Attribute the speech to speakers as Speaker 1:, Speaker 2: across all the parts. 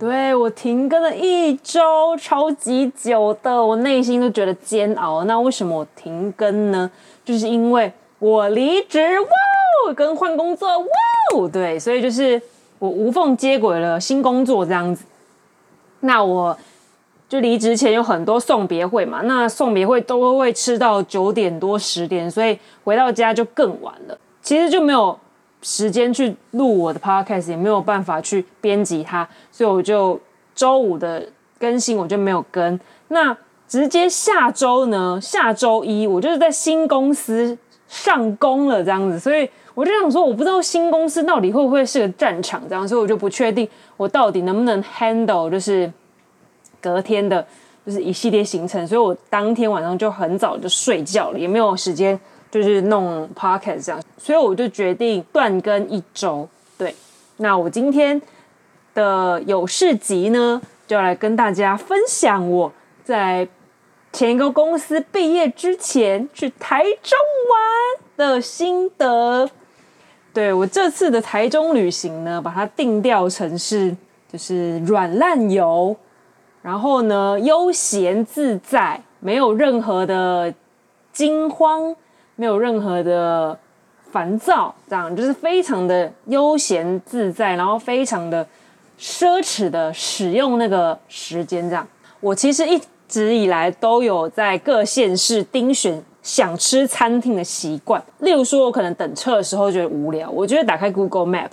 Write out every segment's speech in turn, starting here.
Speaker 1: 對，我停更了一周，超級久的，我內心都覺得煎熬。那為什麼我停更呢？就是因為我離職，哇，跟換工作，哇，對，所以就是我無縫接軌了新工作這樣子。那我就離職前有很多送別會嘛，那送別會都會吃到九點多、十點，所以回到家就更晚了。其實就沒有時間去錄我的 podcast 也沒有辦法去編輯它，所以我就周五的更新我就沒有更，那直接下周呢？下周一我就是在新公司上工了，這樣子，所以我就想說，我不知道新公司到底會不會是個戰場，這樣，所以我就不確定我到底能不能 handle，就是隔天的，就是一系列行程，所以我當天晚上就很早就睡覺了，也沒有時間。就是弄 podcast 這樣，所以我就決定斷更一周。對，那我今天的有事集呢，就要來跟大家分享我在前一個公司畢業之前去台中玩的心得。對，我這次的台中旅行呢，把它定調成是就是軟爛遊，然後呢，悠閒自在，沒有任何的驚慌。沒有任何的煩躁，這樣就是非常的悠閒自在，然後非常的奢侈的使用那個時間。這樣，我其實一直以來都有在各縣市釘選想吃餐廳的習慣。例如說，我可能等車的時候覺得無聊，我覺得打開 Google Map。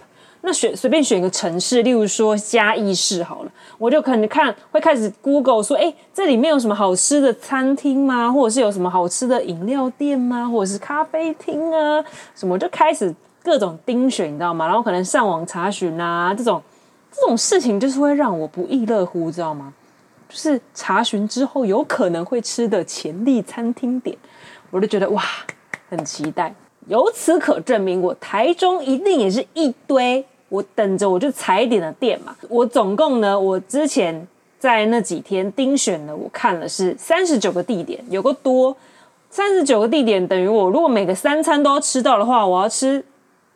Speaker 1: 那選隨便選一個城市，例如說嘉義市好了，我就可能看會開始 Google 說，哎、欸，這裡面有什麼好吃的餐廳嗎？或者是有什麼好吃的飲料店嗎？或者是咖啡廳啊？什麼就開始各種釘選，你知道嗎？然後可能上網查詢吶、啊，這種這種事情就是會讓我不亦樂乎，知道嗎？就是查詢之後有可能會吃的潛力餐廳點，我就覺得哇，很期待。由此可證明，我台中一定也是一堆。我等着，我就踩點的店嘛。我總共呢，我之前在那幾天釘選的，我看了是三十九個地點，有個多。三十九個地點等於我，如果每個三餐都要吃到的話，我要吃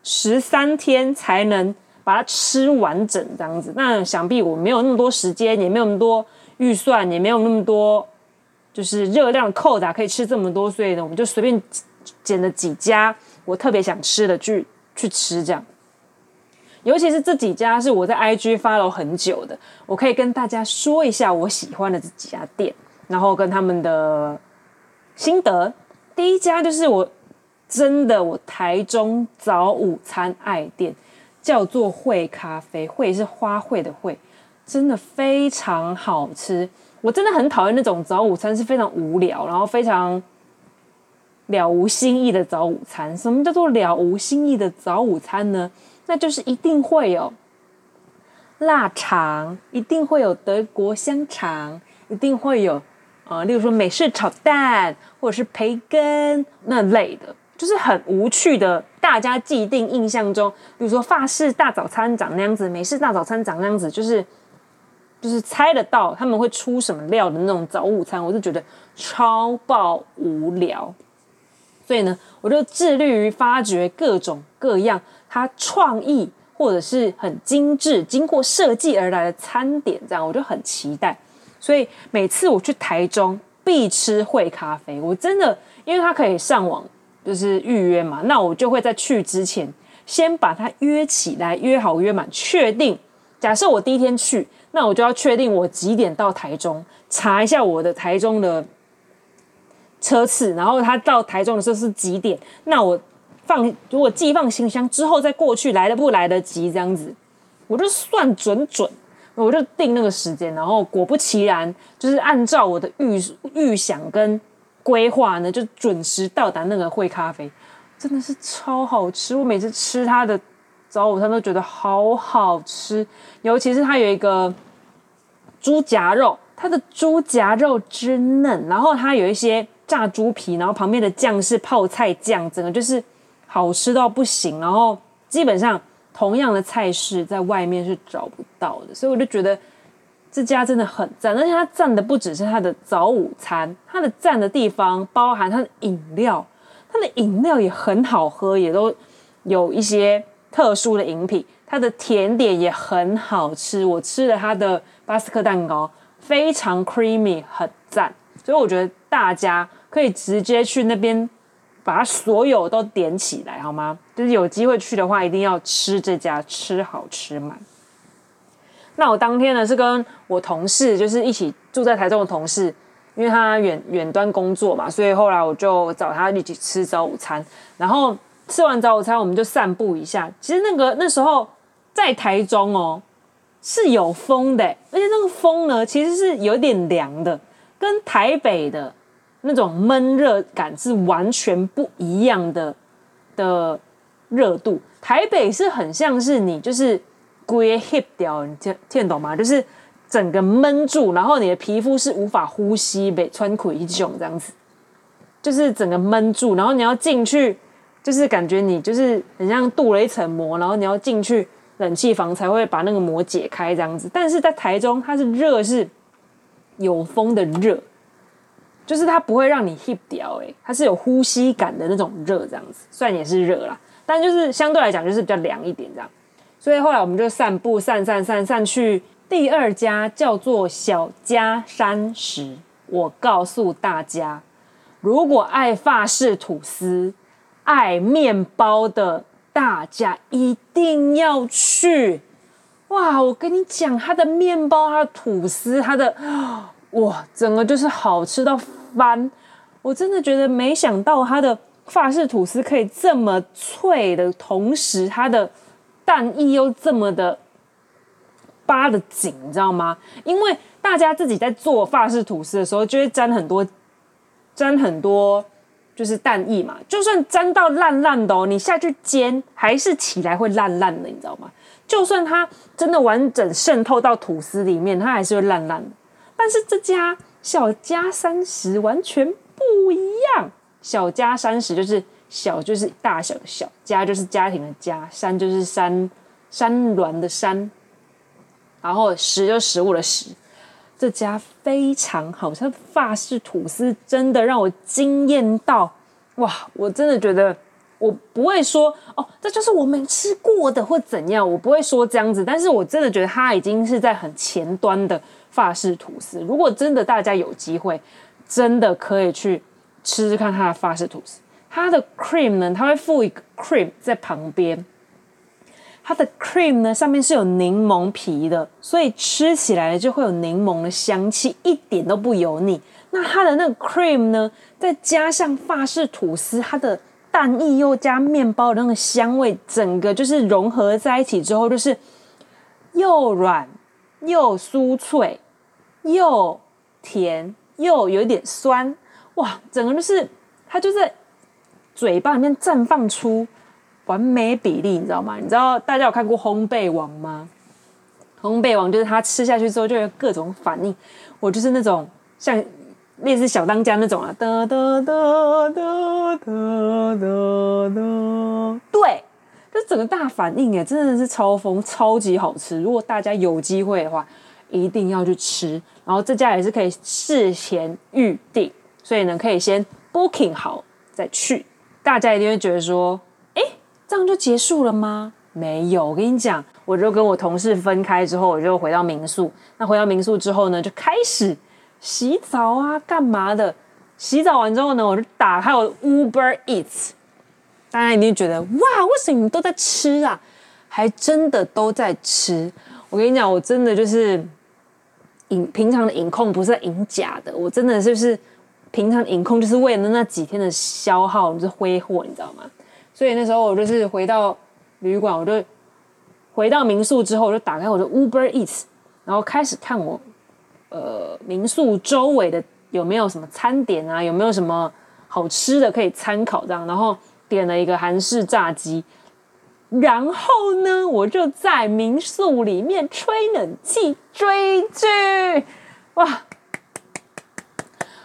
Speaker 1: 十三天才能把它吃完整這樣子。那想必我沒有那麼多時間，也沒有那麼多預算，也沒有那麼多就是熱量的扣打可以吃這麼多，所以呢，我們就隨便撿,撿了幾家我特別想吃的去去吃這樣。尤其是這幾家是我在 IG follow 很久的。我可以跟大家說一下我喜歡的這幾家店，然後跟他們的心得。第一家就是我真的，我台中早午餐愛店，叫做卉咖啡，卉是花卉的卉，真的非常好吃。我真的很討厭那種早午餐是非常無聊，然後非常了無新意的早午餐。什麼叫做了無新意的早午餐呢？那就是一定會有臘腸，一定會有德國香腸，一定會有呃，例如說美式炒蛋或者是培根那類的，就是很無趣的。大家既定印象中，比如說法式大早餐長那樣子，美式大早餐長那樣子，就是就是猜得到他們會出什麼料的那種早午餐，我就覺得超爆無聊。所以呢，我就致力於發掘各種各樣它創意或者是很精緻、經過設計而來的餐點，這樣我就很期待。所以每次我去台中必吃會咖啡，我真的因為它可以上網就是預約嘛，那我就會在去之前先把它約起來，約好約滿，確定。假設我第一天去，那我就要確定我幾點到台中，查一下我的台中的。車次，然後他到台中的時候是幾點？那我放，如果寄放行李箱之後再過去，來得不來得及這樣子，我就算準準，我就定那個時間。然後果不其然，就是按照我的預預想跟規劃呢，就準時到達那個匯咖啡，真的是超好吃。我每次吃他的早午餐都覺得好好吃，尤其是它有一個豬夾肉，它的豬夾肉之嫩，然後它有一些。炸豬皮，然後旁邊的醬是泡菜醬，整個就是好吃到不行。然後基本上同樣的菜式在外面是找不到的，所以我就覺得這家真的很讚。而且它讚的不只是它的早午餐，它的讚的地方包含它的飲料，它的飲料也很好喝，也都有一些特殊的飲品。它的甜點也很好吃，我吃了它的巴斯克蛋糕，非常 creamy，很讚。所以我覺得大家。可以直接去那邊，把它所有都點起來，好嗎？就是有機會去的話，一定要吃這家，吃好吃滿。那我當天呢，是跟我同事，就是一起住在台中的同事，因為他遠遠端工作嘛，所以後來我就找他一起吃早午餐。然後吃完早午餐，我們就散步一下。其實那個那時候在台中哦是有風的，而且那個風呢其實是有點涼的，跟台北的那種悶熱感是完全不一樣的的熱度。台北是很像是你就是龜 hip 掉，你聽聽得懂嗎？就是整個悶住，然後你的皮膚是無法呼吸，被穿苦一種這樣子，就是整個悶住，然後你要進去，就是感覺你就是很像鍍了一層膜，然後你要進去冷氣房才會把那個膜解開這樣子。但是在台中，它是熱，是有風的熱。就是它不會讓你 hip 掉誒、欸，它是有呼吸感的那種熱這樣子，雖然也是熱啦，但就是相對來講就是比較涼一點這樣。所以後來我們就散步，散散散散去第二家叫做小家山石。我告訴大家，如果愛法式吐司、愛面包的大家一定要去。哇，我跟你講，它的面包、它的吐司、它的。哇，整個就是好吃到翻！我真的覺得沒想到它的法式吐司可以這麼脆的同時，它的蛋液又這麼的扒的緊，你知道嗎？因為大家自己在做法式吐司的時候，就會沾很多、沾很多，就是蛋液嘛。就算沾到爛爛的哦，你下去煎還是起來會爛爛的，你知道嗎？就算它真的完整滲透到吐司裡面，它還是會爛爛的。但是這家小家山食完全不一樣。小家山食就是小就是大小的小，家就是家庭的家，山就是山山巒的山，然後食就食物的食。這家非常好，它的法式吐司，真的讓我驚艷到哇！我真的覺得我不會說哦，這就是我沒吃過的或怎樣，我不會說這樣子。但是我真的覺得它已經是在很前端的。法式吐司，如果真的大家有機會，真的可以去吃吃看它的法式吐司。它的 cream 呢，它會附一個 cream 在旁邊。它的 cream 呢，上面是有檸檬皮的，所以吃起來就會有檸檬的香氣，一點都不油膩。那它的那個 cream 呢，再加上法式吐司，它的蛋液又加麵包的那個香味，整個就是融合在一起之後，就是又軟。又酥脆，又甜，又有點酸，哇！整個就是它，就是嘴巴裡面綻放出完美比例，你知道嗎？你知道大家有看過烘焙王嗎《烘焙王》嗎？《烘焙王》就是他吃下去之後就有各種反應，我就是那種像類似小當家那種啊，嘚嘚嘚嘚嘚嘚嘚，對。這整個大反應哎，真的是超豐，超級好吃。如果大家有機會的話，一定要去吃。然後這家也是可以事前預定，所以呢，可以先 booking 好再去。大家一定會覺得說，哎，這樣就結束了嗎？沒有，我跟你講，我就跟我同事分開之後，我就回到民宿。那回到民宿之後呢，就開始洗澡啊，幹嘛的，洗澡完之後呢，我就打開我 Uber Eats。大家一定覺得哇，為什麼你們都在吃啊？還真的都在吃。我跟你講，我真的就是，飲平常的飲控不是在飲假的，我真的就是平常飲控，就是為了那幾天的消耗，就就是、揮霍，你知道嗎？所以那時候我就是回到旅館，我就回到民宿之後，我就打開我的 Uber Eats，然後開始看我呃民宿周圍的有沒有什麼餐點啊，有沒有什麼好吃的可以參考這樣，然後。點了一個韓式炸雞，然後呢，我就在民宿裡面吹冷氣追劇，哇！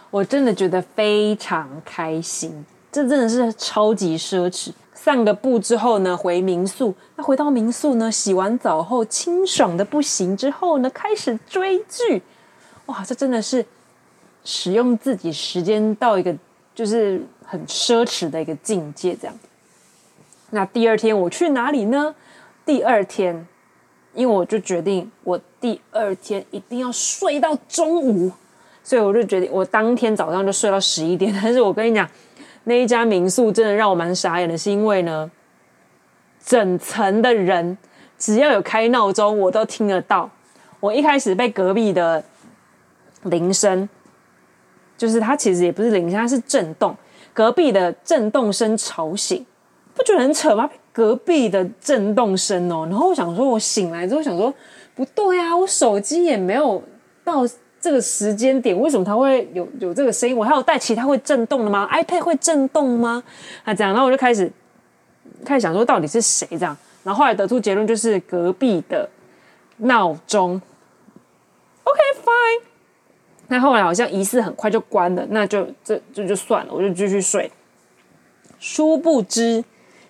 Speaker 1: 我真的覺得非常開心，這真的是超級奢侈。散個步之後呢，回民宿，那回到民宿呢，洗完澡後清爽的不行，之後呢，開始追劇，哇！這真的是使用自己時間到一個就是。很奢侈的一個境界，這樣。那第二天我去哪裡呢？第二天，因為我就決定我第二天一定要睡到中午，所以我就決定我當天早上就睡到十一點。但是我跟你講，那一家民宿真的讓我蠻傻眼的，是因為呢，整層的人只要有開鬧鐘，我都聽得到。我一開始被隔壁的鈴聲，就是它其實也不是鈴聲，它是震動。隔壁的震動聲吵醒，不覺得很扯嗎？隔壁的震動聲哦，然後我想說，我醒來之後想說不對啊，我手機也沒有到這個時間點，為什麼它會有有這個聲音？我還有帶其他會震動的嗎？iPad 會震動嗎？啊，這樣，然後我就開始開始想說，到底是誰這樣？然後後來得出結論就是隔壁的鬧鐘。Okay, fine. 那後來好像疑似很快就關了，那就這這就，就，就算了，我就繼續睡。殊不知，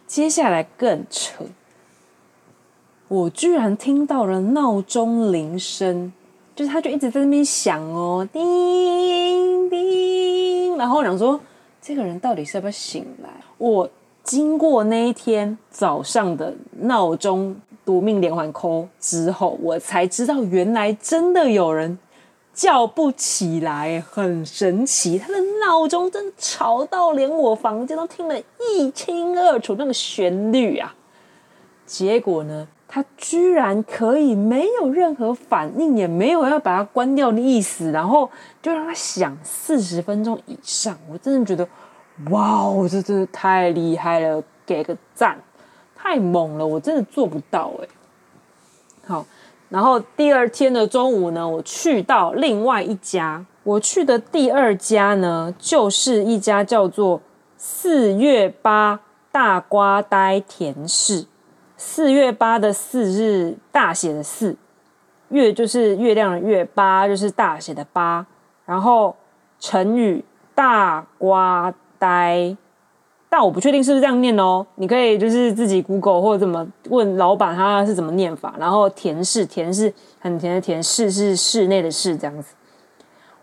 Speaker 1: 接下來更扯，我居然聽到了鬧鐘鈴聲，就是它就一直在那邊響哦，叮叮。然後我想說，這個人到底是要不要醒來？我經過那一天早上的鬧鐘奪命連環 call 之後，我才知道原來真的有人。叫不起來，很神奇。他的鬧鐘真的吵到連我房間都聽得一清二楚，那個旋律啊！結果呢，他居然可以沒有任何反應，也沒有要把它關掉的意思，然後就讓他響四十分鐘以上。我真的覺得，哇，這真的太厲害了，給個讚，太猛了，我真的做不到哎、欸。好。然後第二天的中午呢，我去到另外一家。我去的第二家呢，就是一家叫做“四月八大瓜呆甜食”。四月八的四是大寫的四，月就是月亮的月，八就是大寫的八。然後成語“大瓜呆”。但我不確定是不是這樣念哦，你可以就是自己 Google 或者怎麼問老闆他是怎麼念法，然後甜室甜室，很甜的甜室是室內的室，這樣子。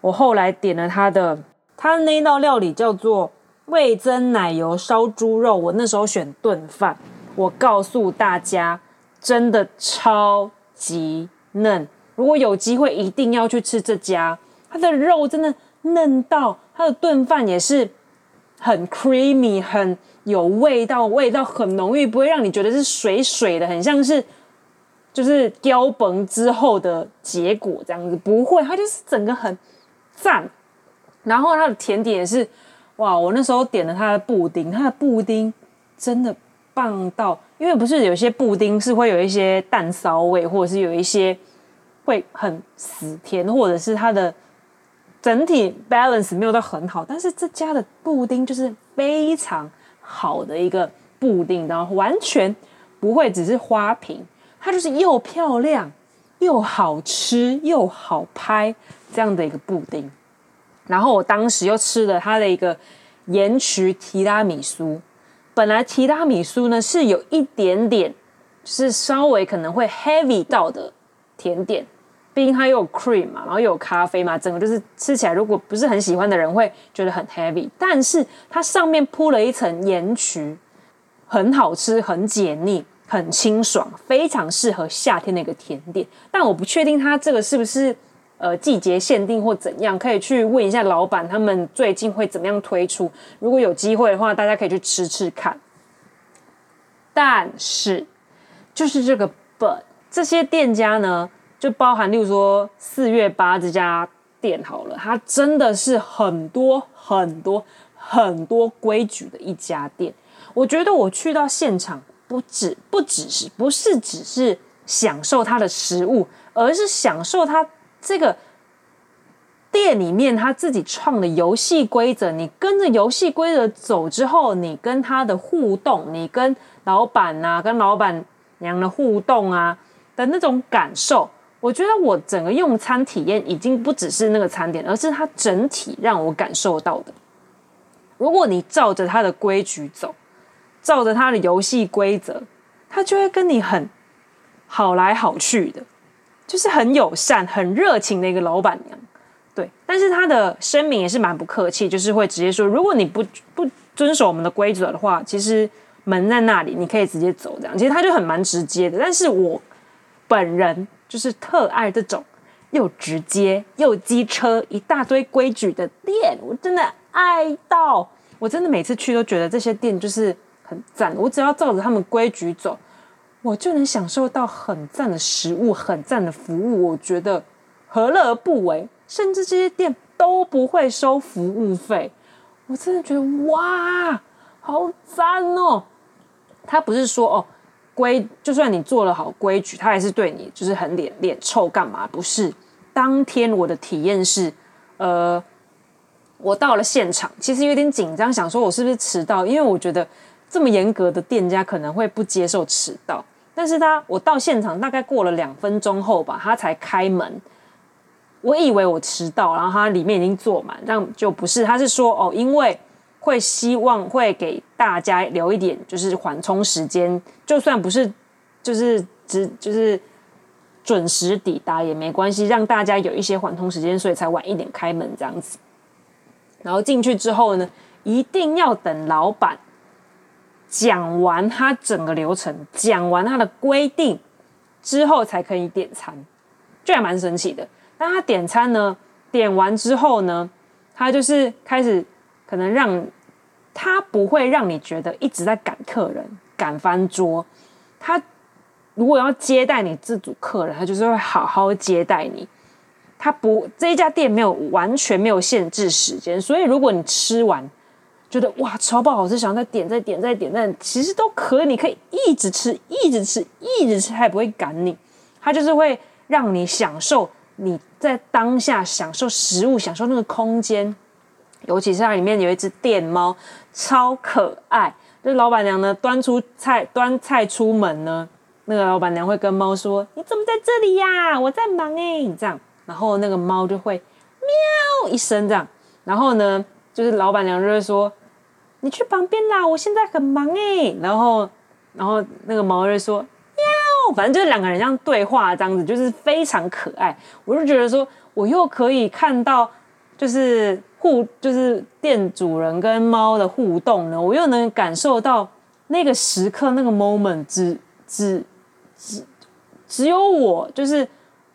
Speaker 1: 我後來點了他的，他那一道料理叫做味噌奶油燒豬肉，我那時候選燉飯，我告訴大家真的超級嫩，如果有機會一定要去吃這家，它的肉真的嫩到，它的燉飯也是。很 creamy，很有味道，味道很濃郁，不會讓你覺得是水水的，很像是就是雕本之後的結果這樣子，不會，它就是整個很讚。然後它的甜點也是，哇！我那時候點了它的布丁，它的布丁真的棒到，因為不是有些布丁是會有一些蛋騷味，或者是有一些會很死甜，或者是它的。整體 balance 沒有到很好，但是這家的布丁就是非常好的一個布丁，然後完全不會只是花瓶，它就是又漂亮又好吃又好拍，這樣的一個布丁。然後我當時又吃了它的一個鹽焗提拉米蘇，本來提拉米蘇呢是有一點點是稍微可能會 heavy 到的甜點。畢竟它又有 cream 嘛，然後又有咖啡嘛，整個就是吃起來如果不是很喜歡的人會覺得很 heavy。但是它上面鋪了一層鹽焗，很好吃，很解膩，很清爽，非常適合夏天的一個甜點。但我不確定它這個是不是呃季節限定或怎樣，可以去問一下老闆，他們最近會怎麼樣推出？如果有機會的話，大家可以去吃吃看。但是就是這個 but，這些店家呢？就包含，例如說四月八這家店好了，它真的是很多很多很多規矩的一家店。我覺得我去到現場不、不只不只是不是只是享受它的食物，而是享受它這個店裡面他自己創的遊戲規則。你跟着遊戲規則走之後，你跟他的互動，你跟老板啊跟老板娘的互動啊的那種感受。我覺得我整個用餐體驗已經不只是那個餐點，而是它整體讓我感受到的。如果你照着它的規矩走，照着它的遊戲規則，它就會跟你很好來好去的，就是很友善、很熱情的一個老板娘，對。但是她的聲明也是蠻不客氣，就是會直接說，如果你不不遵守我們的規則的話，其實門在那裡，你可以直接走這樣。其實他就很蠻直接的，但是我本人。就是特愛這種又直接又機車一大堆規矩的店，我真的愛到，我真的每次去都覺得這些店就是很讚。我只要照着他們規矩走，我就能享受到很讚的食物、很讚的服務。我覺得何樂而不為？甚至這些店都不會收服務費，我真的覺得哇，好讚哦！他不是說哦。規就算你做了好規矩，他還是對你就是很臉臉臭幹嘛？不是，當天我的體驗是，呃，我到了現場，其實有點緊張，想說我是不是遲到，因為我覺得這麼嚴格的店家可能會不接受遲到。但是他我到現場大概過了兩分鐘後吧，他才開門。我以為我遲到，然後他裡面已經坐滿，這樣。就不是，他是說哦，因為，會希望會給大家留一點，就是緩衝時間，就算不是就是只就是準時抵達也沒關係，讓大家有一些緩衝時間，所以才晚一點開門這樣子。然後進去之後呢，一定要等老板講完他整個流程，講完他的規定之後才可以點餐，這還蠻神奇的。那他點餐呢，點完之後呢，他就是開始，可能讓他不會讓你覺得一直在趕客人、趕翻桌。他如果要接待你這組客人，他就是會好好接待你。他不，這一家店沒有完全沒有限制時間，所以如果你吃完覺得哇超不好吃，想要再點再點再點在，但其實都可以，你可以一直吃一直吃一直吃，他也不會趕你。他就是會讓你享受你在當下享受食物、享受那個空間。尤其是它裡面有一隻電貓，超可愛。就是老闆娘呢，端出菜，端菜出門呢，那個老闆娘會跟貓說：“你怎麼在這裡呀？我在忙哎。”這樣，然後那個貓就會喵一聲，這樣，然後呢，就是老闆娘就會說：“你去旁邊啦，我現在很忙誒。”然後，然後那個貓就會說：“喵。”反正就是兩個人這樣對話，這樣子就是非常可愛。我就覺得說，我又可以看到，就是。互就是店主人跟貓的互動呢，我又能感受到那個時刻那個 moment 只只只只有我，就是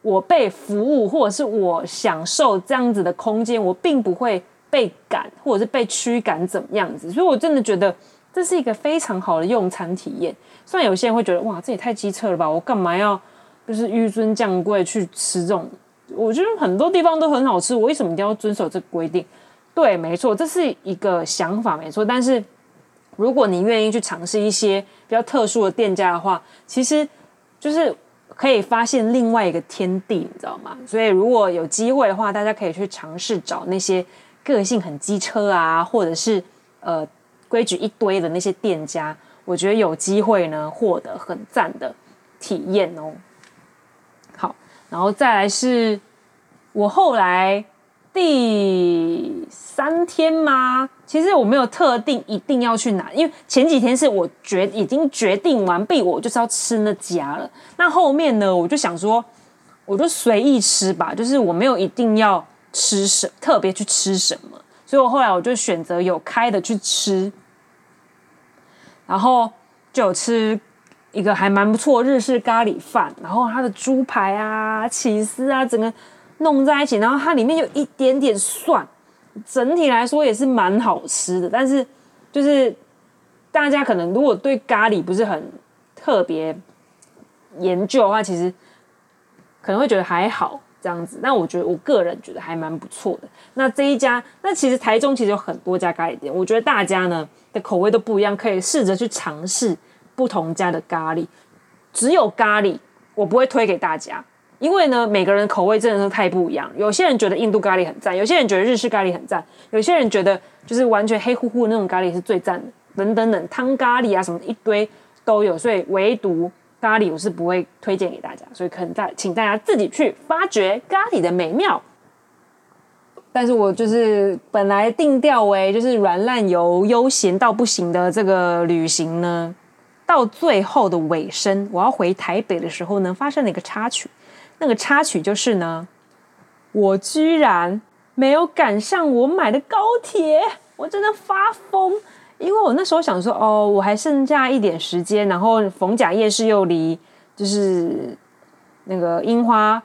Speaker 1: 我被服務或者是我享受這樣子的空間，我並不會被趕或者是被驅趕怎麼樣子，所以我真的覺得這是一個非常好的用餐體驗。雖然有些人會覺得哇，這也太機車了吧，我幹嘛要就是紆尊降貴去吃這種？我覺得很多地方都很好吃，我為什麼一定要遵守這個規定？對，沒錯，這是一個想法，沒錯。但是，如果你願意去嘗試一些比較特殊的店家的話，其實就是可以發現另外一個天地，你知道嗎？所以，如果有機會的話，大家可以去嘗試找那些個性很機車啊，或者是呃，規矩一堆的那些店家，我覺得有機會呢，獲得很讚的體驗哦。好，然後再來是我後來。第三天嗎？其實我沒有特定一定要去哪，因為前幾天是我決已經決定完畢，我就是要吃那家了。那後面呢，我就想說，我就隨意吃吧，就是我沒有一定要吃什特別去吃什麼。所以我後來我就選擇有開的去吃，然後就有吃一個還蠻不錯的日式咖喱飯，然後它的豬排啊、起司啊，整個。弄在一起，然後它裡面有一點點蒜，整體來說也是蠻好吃的。但是，就是大家可能如果對咖喱不是很特別研究的話，其實可能會覺得還好這樣子。那我覺得我個人覺得還蠻不錯的。那這一家，那其實台中其實有很多家咖喱店，我覺得大家呢的口味都不一樣，可以試着去嘗試不同家的咖喱。只有咖喱，我不會推給大家。因為呢，每個人口味真的是太不一樣。有些人覺得印度咖喱很贊，有些人覺得日式咖喱很贊，有些人覺得就是完全黑乎乎的那種咖喱是最贊的，等等等，湯咖喱啊什麼一堆都有。所以唯獨咖喱我是不會推薦給大家，所以可能在請大家自己去發掘咖喱的美妙。但是我就是本來定調為就是軟爛遊悠閒到不行的這個旅行呢，到最後的尾聲，我要回台北的時候呢，發生了一個插曲。那個插曲就是呢，我居然沒有趕上我買的高鐵，我真的發瘋。因為我那時候想說，哦,我還剩下一點時間，然後逢甲夜市又離就是那個櫻花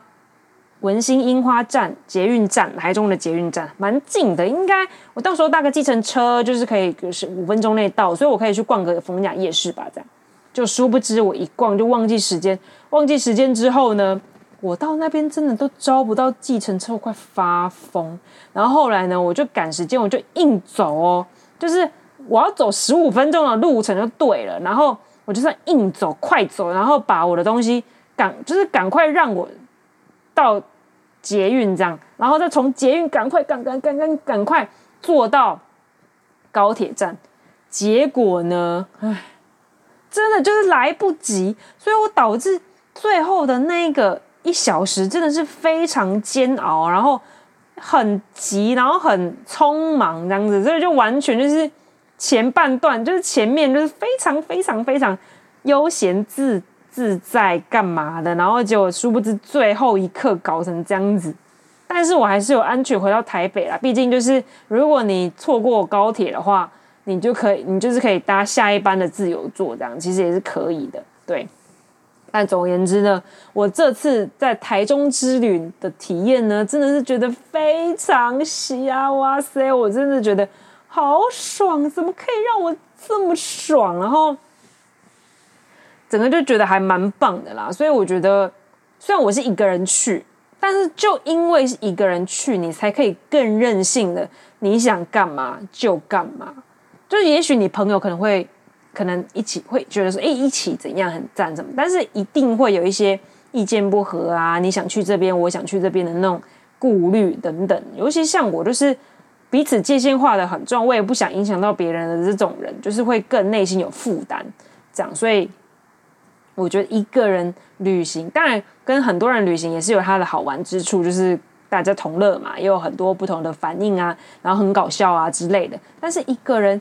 Speaker 1: 文心櫻花站捷運站，台中的捷運站蠻近的，應該我到時候搭個計程車就是可以就是五分鐘內到，所以我可以去逛個逢甲夜市吧，這樣。就殊不知我一逛就忘記時間，忘記時間之後呢？我到那邊真的都招不到計程車，我快發瘋。然後後來呢，我就趕時間，我就硬走哦，就是我要走十五分鐘的路程就對了。然後我就算硬走，快走，然後把我的東西趕，就是趕快讓我到捷運這樣，然後再從捷運趕快趕、趕快、趕快、趕快坐到高鐵站。結果呢，哎，真的就是來不及，所以我導致最後的那一個。一小時真的是非常煎熬，然後很急，然後很匆忙這樣子，所以就完全就是前半段就是前面就是非常非常非常悠閒自自在幹嘛的，然後結果殊不知最後一刻搞成這樣子，但是我還是有安全回到台北啦，畢竟就是如果你錯過高鐵的話，你就可以你就是可以搭下一班的自由座，這樣，其實也是可以的，對。但總而言之呢，我這次在台中之旅的體驗呢，真的是覺得非常喜啊！哇塞，我真的覺得好爽，怎麼可以讓我這麼爽？然後整個就覺得還蠻棒的啦。所以我覺得，雖然我是一個人去，但是就因為是一個人去，你才可以更任性的，你想幹嘛就幹嘛。就也許你朋友可能會。可能一起會覺得說，誒，一起怎樣很讚怎麼，但是一定會有一些意見不合啊，你想去這邊，我想去這邊的那種顧慮等等。尤其像我，就是彼此界限畫的很重，我也不想影響到別人的這種人，就是會更內心有負擔這樣。所以我覺得一個人旅行，當然跟很多人旅行也是有它的好玩之處，就是大家同樂嘛，也有很多不同的反應啊，然後很搞笑啊之類的。但是一個人。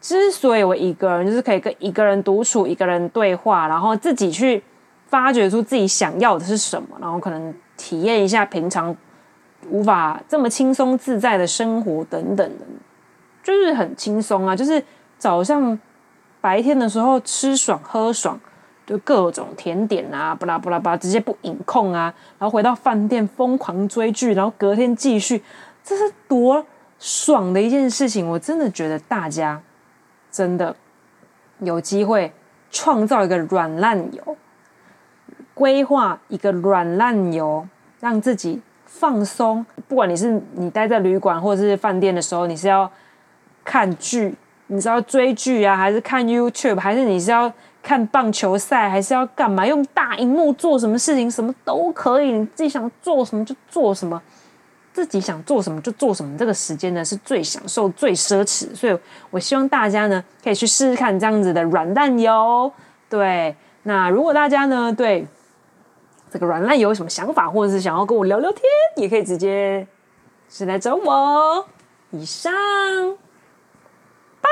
Speaker 1: 之所以我一個人就是可以跟一個人獨處，一個人對話，然後自己去發掘出自己想要的是什麼，然後可能體驗一下平常無法這麼輕鬆自在的生活等等的，就是很輕鬆啊！就是早上白天的時候吃爽喝爽，就各種甜點啊，巴拉巴拉巴，直接不飲控啊，然後回到飯店瘋狂追劇，然後隔天繼續，這是多爽的一件事情！我真的覺得大家。真的有機會創造一個軟爛遊，規劃一個軟爛遊，讓自己放鬆。不管你是你待在旅館或者是飯店的時候，你是要看劇，你是要追劇啊，還是看 YouTube，還是你是要看棒球賽，還是要幹嘛？用大熒幕做什麼事情，什麼都可以，你自己想做什麼就做什麼。自己想做什麼就做什麼，這個時間呢是最享受、最奢侈，所以我希望大家呢可以去試試看這樣子的軟爛遊。對，那如果大家呢對這個軟爛遊有什麼想法，或者是想要跟我聊聊天，也可以直接是來找我。以上，拜。